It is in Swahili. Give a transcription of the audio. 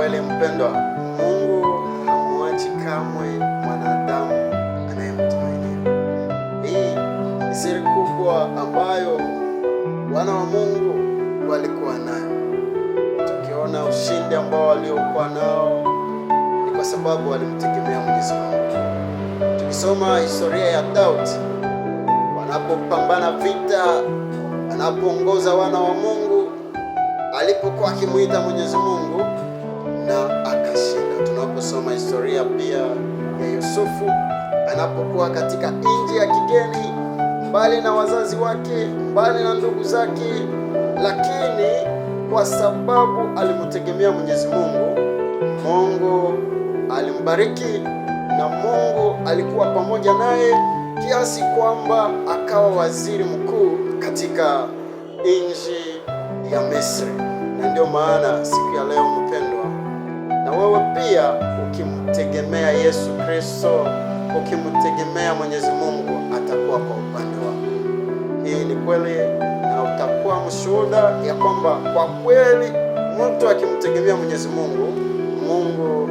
kweli mpendwa, Mungu hamwachi kamwe mwanadamu anayemtumainia. Hii ni siri kubwa ambayo wana wa Mungu walikuwa nayo. Tukiona ushindi ambao waliokuwa nao ni kwa sababu walimtegemea Mwenyezi Mungu. Tukisoma historia ya Daudi, wanapopambana vita, wanapoongoza wana wa Mungu, alipokuwa akimuita Mwenyezi Mungu ya pia ya Yusufu anapokuwa katika nchi ya kigeni, mbali na wazazi wake, mbali na ndugu zake, lakini kwa sababu alimtegemea Mwenyezi Mungu, Mungu alimbariki na Mungu alikuwa pamoja naye kiasi kwamba akawa waziri mkuu katika nchi ya Misri, na ndio maana pia ukimtegemea Yesu Kristo, ukimtegemea Mwenyezi Mungu atakuwa kwa upande wako. Hii ni kweli, na utakuwa mshuhuda ya kwamba kwa kweli mtu akimtegemea Mwenyezi Mungu, Mungu